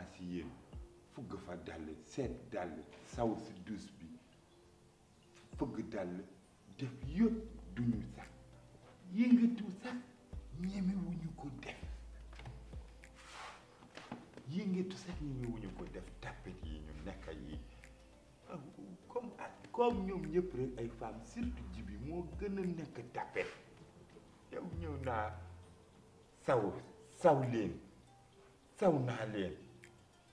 naa si yéen fugg fa dàll seet dàll saw si duus bi fëgg dàll def yëpp duñu sax yëngatu sax ñemewuñu ko def yëngatu sax ñemewuñu ko def tapit yi ñu nekk yi comme ak comme ñoom ñëpp rek ay femmes surtout jibi moo gën a nekk tapet yow ñëw naa saw saw leen saw naa leen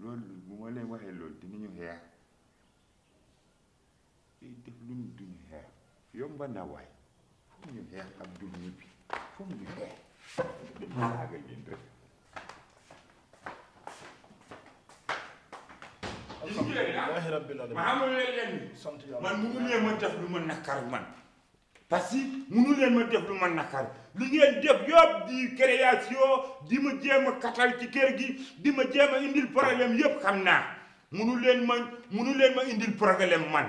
loolu bu ma leen waxee loolu di xeex day ñu xeex yomba na waay foog ñu xeex ak du ñu bi foog ñu xeex dañu saaga yéen rek alhamdulilah rabbil alamin ma mu ngi nee ma def lu ma man parce que munu leen ma def lu ma nakar li ngeen def yëpp di création di ma jéem a katal ci ker gi di ma jéem a indil problème yëpp xam naa munu leen ma leen ma indil problème man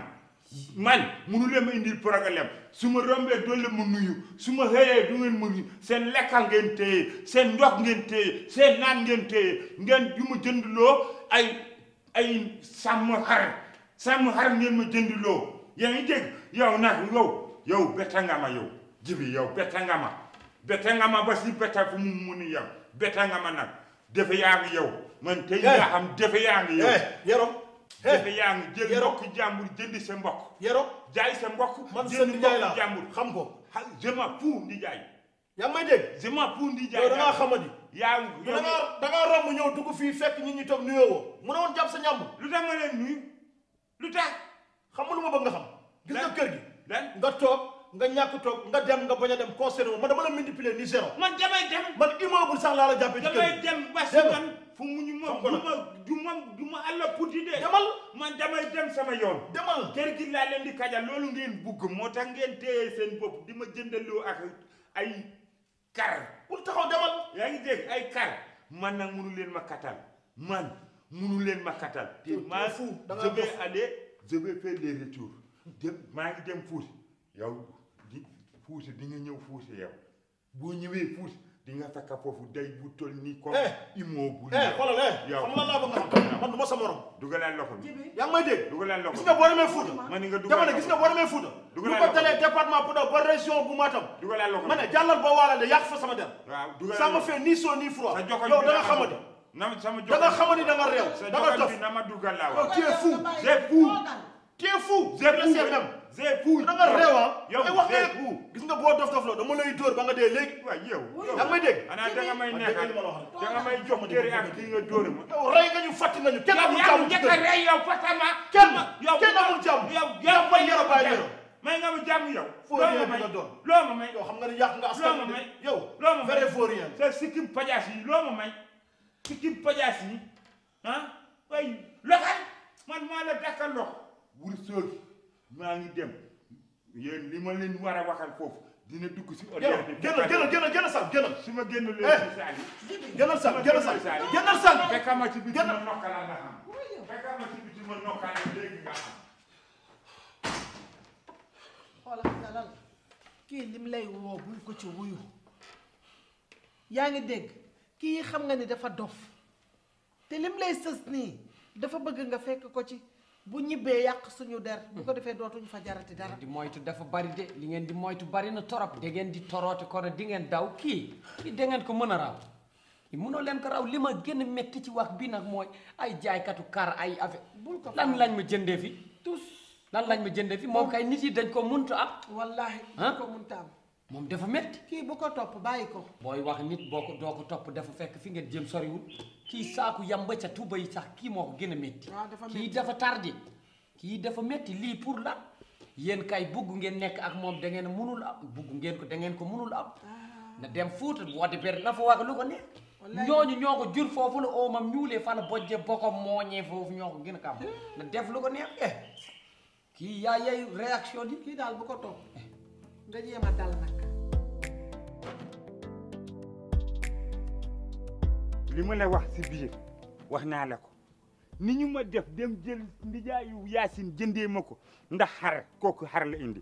man munu leen ma indil problème su ma rombee doole ma nuyu su ma xëyee du ngeen ma nuyu seen lekkal ngeen téye seen ndox ngeen téye seen naan ngeen téye ngeen ju ma jëndloo ay ay sàmm xar sàmm xar ngeen ma jëndloo yaa ngi dégg yow nag yow yow betta nga ma yow jibi yow betta nga ma betta nga ma ba si betta fu mu mu ni yow betta nga ma nag defe yaa ngi yow man tey nga eh. xam defe yaa ngi yow eh, yero eh. defe yaa ngi jël mbokk jàmbur jëndi sa mbokk yero jaay se mbokk man sa nijaay la jàmbur xam ko je ma pour di jaay yaa may dégg je ma pour di jaay yow da ngaa xamadi yaa ngi da ngaa da ngaa romb ñëw dugg fii fekk nit ñi toog nuyoo woo sa ñàmb lu tax lu tax nga toog nga ñàkk toog nga dem nga bañ a dem concerné wu man dama la multiplier ni zéro. man damay dem man immeuble sax laa la jàppee. ci kër parce que man fu mu ñu ma du ma du ma du ma àlla puti de. demal man damay dem sama yoon. demal kër gi laa leen di kajal loolu ngeen bugg moo tax ngeen téye seen bopp di ma jëndaloo ak ay kar. pour taxaw demal. yaa ngi dégg ay kar man nag munu leen ma katal man munu leen ma katal. te maa je vais aller je vais faire les retours. maa ngi dem Fouta. yow di fuuse di nga ñëw fuuse yow boo ñëwee fuuse di nga takka foofu day bu toll nii. comme eh! immeuble. Eh, xoolal eh, yow xam nga a xam du ma sa morom. dugalal loxo bi yaa ngi may dégg. dugalal loxo bi gis nga boo demee Fuuta. man ni nga dugalal jamono bu ko dalee département Podor ba région bu Matam. dugalal jàllal ba waala de yàq fa sama der. sama fee nii soo nii froid. yow da nga xamante. na sama jokkoo da nga xamante da nga réew. da nga tof sa jokkoo bi na ma dugalal waaw. Oh, tu Zepou da nga réew ah. yow eh, wax nga gis nga boo dof dof la dama lay dóor ba nga dee léegi. waaw yow yow da may dégg. xanaa da nga may neexal da nga may jox kër ak kii nga dóor ma. yow rey nga ñu fàtt nga ñu kenn amul jàmm ci kër yow fatama kenn kenn amul jàmm yow yow ba yero ba yero may nga ma jàmm yow. foo réer bi nga doon loo ma may yow xam nga ne yàq nga askan wi de yow. loo ma may vrai foo rien. sa sikkim pajaas yi loo ma may sikkim pajaas yi ah ay loxal man maa la dakkal loxo. wul soogi maa ngi dem yéen li ma leen war a waxal foofu dina dugg si. audience bi gënal gënal gënal gënal sax gënal. su ma eh, gënal leen sax gënal sax gënal sax. fekk ma ci biti ma nokkala nga xam. nga xam. kii lim lay woo buñ ko ci wuyu yaa ngi dégg kii xam nga ni dafa dof te lim lay sës nii dafa bëgg nga fekk ko ci. bu ñibé yak suñu der bu ko defee dootuñu fa jarati dara di moytu dafa bari de li ngeen di moytu bari na torop da ngeen di toroti ko di ngeen daw ki ki da ngeen ko mëna raw raw mëno leen ko raw lima ma gën metti ci wax bi nak moy ay katu kar ay afé lan lañ ma jëndé fi tous lan lañ ma jëndé fi moom kay nit yi dañ ko muntu ak wallahi ko muntu am mom dafa metti ki bu ko topp bàyyi ko. wax nit boko doko top dafa fekk fi ngeen jëm soriwul ki saaku yamba ca tuba yi sax kii moo ko gën a métti. dafa tardi ki dafa metti li pour la yéen kay bugu ngeen nek ak mom da ngeen munul am bugg ngeen ko da ngeen ko munul am. Ah. na dem Fuuta woote ber la fa wax lu ko ne. ñoko ñoo fofu lu o la oomam fa fan bojje bokom mooñee fofu ñoko ko kam hmm. na def lu ko neex eh ki yaa yay réaction di ki dal bu ko toog nga jéem dal nak li ma la wax si biir wax naa la ko ni ñu ma def dem jël ndijaayu yaasin jëndee ma ko ndax xar kooku xar la indi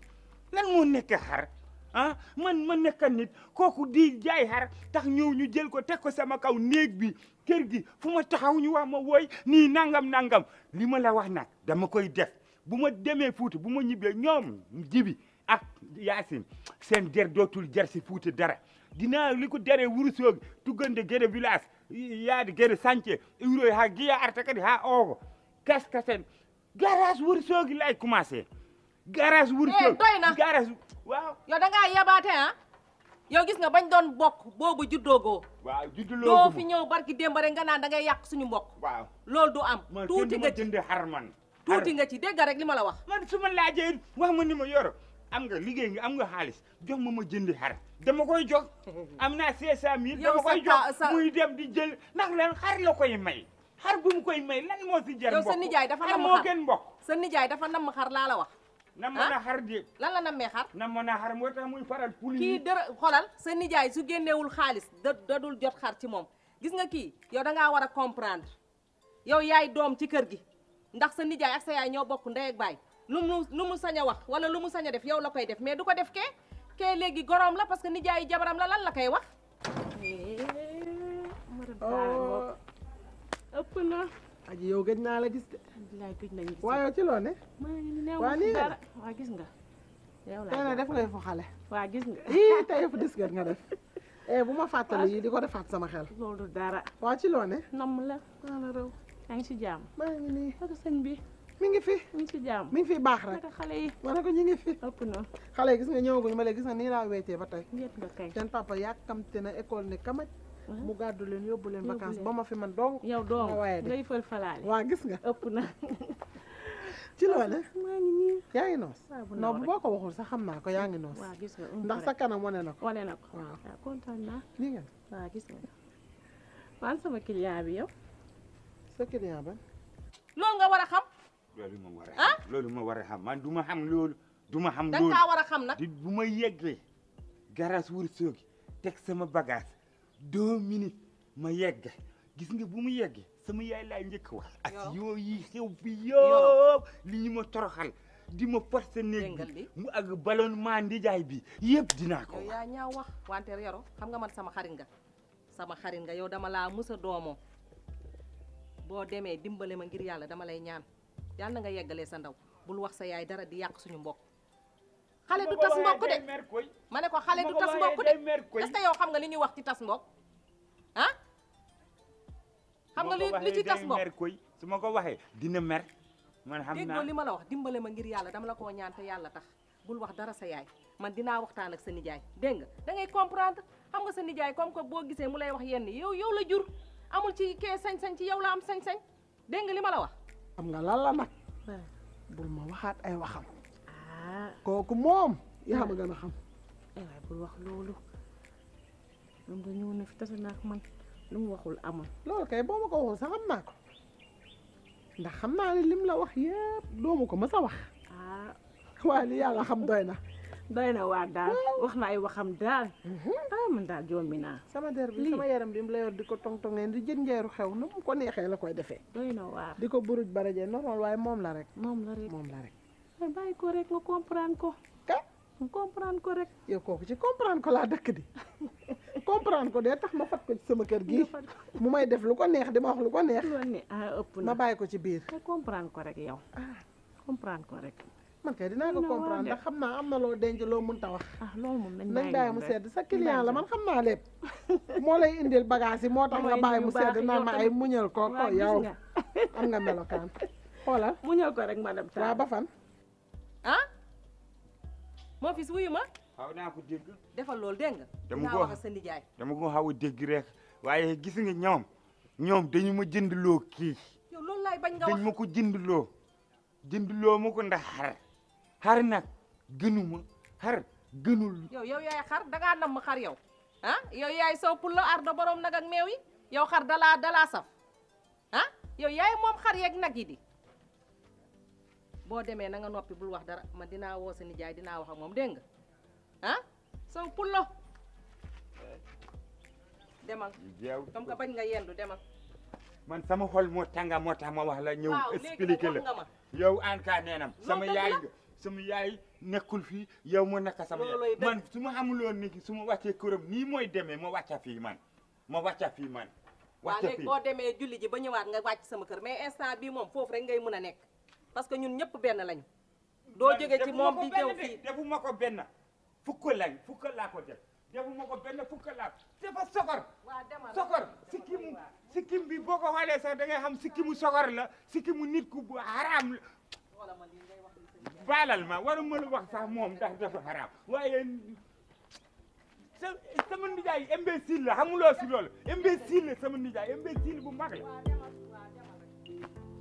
lan moo nekk xar ah man ma nekk nit kooku di jaay xar tax ñëw ñu jël ko teg ko sama kaw néeg bi kër gi fu ma taxaw ñu wax ma woy nii nangam nangam li ma la wax nag dama koy def bu ma demee Fuuta bu ma ñibbee ñoom jibi ak yaasin seen der dootul jar si Fuuta dara dinaa li ko deree wurusoogi tuggande gëde village yaade gueɗe sañce iwroy ha giya arta kadi ha Kas-kasen, garage sogi lay commencé garage wuri eh, doyna garage waaw yo da nga yabate ha yo gis nga bañ doon bok boobu juddogo waaw judduloo do fi ñew barki démb rek nga naan da ngay yak suñu mbokk waaw loolu du am touti nga ci touti nga ci dégg rek lima la wax man suma ma wax ma ni ma yoro am nga liggéey nga am nga xaalis jox ma ma jëndi xar dama koy jox am naa cinq cent mille dama koy jox muy dem di jël ndax lan xar la koy may xar bu mu koy may lan moo si jar mbokk yow sa nijaay dafa nam moo gën mbokk nijaay dafa nam xar laa la wax ah? na a xar lan la nammee xar na mën a xar moo tax muy faral puli kii dara xolal sa nijaay su génneewul xaalis da dadul jot xar ci moom gis nga kii yow dangaa war a comprendre yow yaay doom ci kër gi ndax sa nijaay ak sa yaay ñoo bokk ndey ak baay lu mu saña wax wala lu mu saña def yow la koy def mais du ko def ke ke léegi gorom la parce que nijaay jabaram la lan la koy wax. Eh, oh, ëpp na. aji yow gëj na la gis de. alhamdulilah gëj nañu gis. waaye ci lo ne. maa ngi néew dara gis nga. yow la def ngay yëfu xalé wa gis nga. yi tay yëfu dis nga def. eh buma ma yi diko defat sama xel. loolu dara. wa ci lo ne. nam la. maa raw. ngi si jam. ma ngi ni ak señ bi. mi ngi fi mi ngi mi fi baax rek xale yi ma ne ko ñu ngi fi ëpp na xale yi gis nga ñëwaguñu ma lee gis nga nii laa weetee ba tey seen papa yàkkamte na école ne kamaj ah. mu gàddu leen yóbbu leen vacances ba ma fi man dong yow dong waaye de ngay fël falaale waa gis nga ëpp na ci yaa ngi noos non bu boo ko waxul sax xam naa ko yaa ngi gis ndax sa kanam wane na ko wane na ko waaw kontaan naa nii nga nga man sama client bi yow ba nga war a xam loolu moom war ah? loolu ma war a xam man du ma xam loolu du ma xam loolu da nga war a xam nag bu ma yeggee garas wur soogi teg sama bagage deux minutes ma yegg gis nga bu mu yeggee sama yaay laa njëkk wax ak yoo yi xew bi yëpp li ñu ma toroxal di ma forcé néeg bi mu ak ballonnement ndijaay bi yëpp dinaa ko yaa ñaaw wax wante yaro xam nga man sama xarit nga sama xarit nga yow dama laa musa doomoo boo demee dimbale ma ngir yàlla dama lay ñaan yàlla na nga yeggalee sa ndaw bul wax sa yaay dara di yak suñu mbokk xalé du tas mbokk de mané ko xalé du tas mbokk de est-ce yow xam nga li ñuy wax ci tas mbokk ah xam nga li ci tas mbokk su ma ko waxee dina mer man xam na li ma la wax dimbalé ma ngir yalla dama la ko ñaan te yalla tax bul wax dara sa yaay man dina waxtaan ak sa nijaay dégg nga da ngay comprendre xam nga sa nijaay comme ko bo gisé mu lay wax yenn yow yow la jur amul ci ké sañ-sañ ci yow la am sañ-sañ dégg nga li ma la wax xam nga lan la nag bul ma waxaat ay waxam ah. kooku moom yaa ma gën a xam eh waaye bul wax loolu moom da ñëw na fi tase naa ko man lu mu waxul amul loolu kay boo ma ko xam naa ko ndax xam naa ne lim la wax yëpp doomu ko mës a wax ah. waaye li yàlla xam doy na doy na waar daal hmm. wax na ay waxam daal. Hmm. ah man daal jombi naa. sama der bi sama yaram bi mu la yor di ko tong tongee di jën njeeru xew na mu ko neexee la koy defee. doy na waar di ko buruj baraje normal waaye moom la rek. moom la rek moom la rek. bàyyi ko rek nga ko. comprendre ko rek. kooku ci comprendre ko dëkk di comprendre ko dee tax ma fat ko ci sama kër gi mu may def lu ko neex di ma ko neex. loolu ah, ëpp na bàyyi ko ci biir. nga comprendre ko rek yow. Ah. comprend ko rek. man kay dinaa ko comprendre ndax xam naa am na loo denc loo mënta wax. ah loolu nañ bàyyi bàyyi mu sedd sa client la man xam naa lépp. moo lay indil bagage yi moo tax nga bàyyi mu sedd naan ma ay muñal ko ko yow am nga melokaan xoolal. muñal ko rek madame Tall waaw ba fan. ah. moo xaw naa ko dégg. defal loolu dégg nga. wax sa nijaay. dama a dégg rek waaye gis nga ñoom ñoom dañu ma jëndloo kii. yow loolu laay bañ nga wax dañ ma ko har nak gënuma har gënul yow yow yaay xar da nga nam xar yow ah yow yaay so pullo ardo borom nak ak meew yow xar dala dala saf ah yow yaay mom xar yek nak yi di bo demee na nga nopi bul wax dara man dina wo sa nijaay dina wax ak mom dégg nga ah pullo demal comme kapan bañ nga yendu demal man sama xol moo tànga mau tax ma wax la ñëw expliquer la yow sama yaay nga sama yaay nekkul fii yow ma nekk sama yaay man su ma xamuloon ni su ma wàccee këram nii mooy demee ma wàcca fii man ma wàcca fii man wàcca fii boo demee julli ji ba ñëwaat nga wàcc sama kër mais instant bii moom foofu rek ngay mën a nekk parce que ñun ñëpp benn lañu doo jóge ci moom di ñëw fii defu ma ko benn fukk lañ fukk laa ko def defu ma ko benn fukk laa dafa sokor sokor sikkimu sikkim bi boo ko xoolee sax da ngay xam sikkimu sokor la sikkimu nit ku bu xaraam la baalal ma waruma la wax sax moom ndax dafa xaraam waaye sa sama nijaay imbécile la xamuloo si loolu imbécile la sama nijaay imbécile bu mag la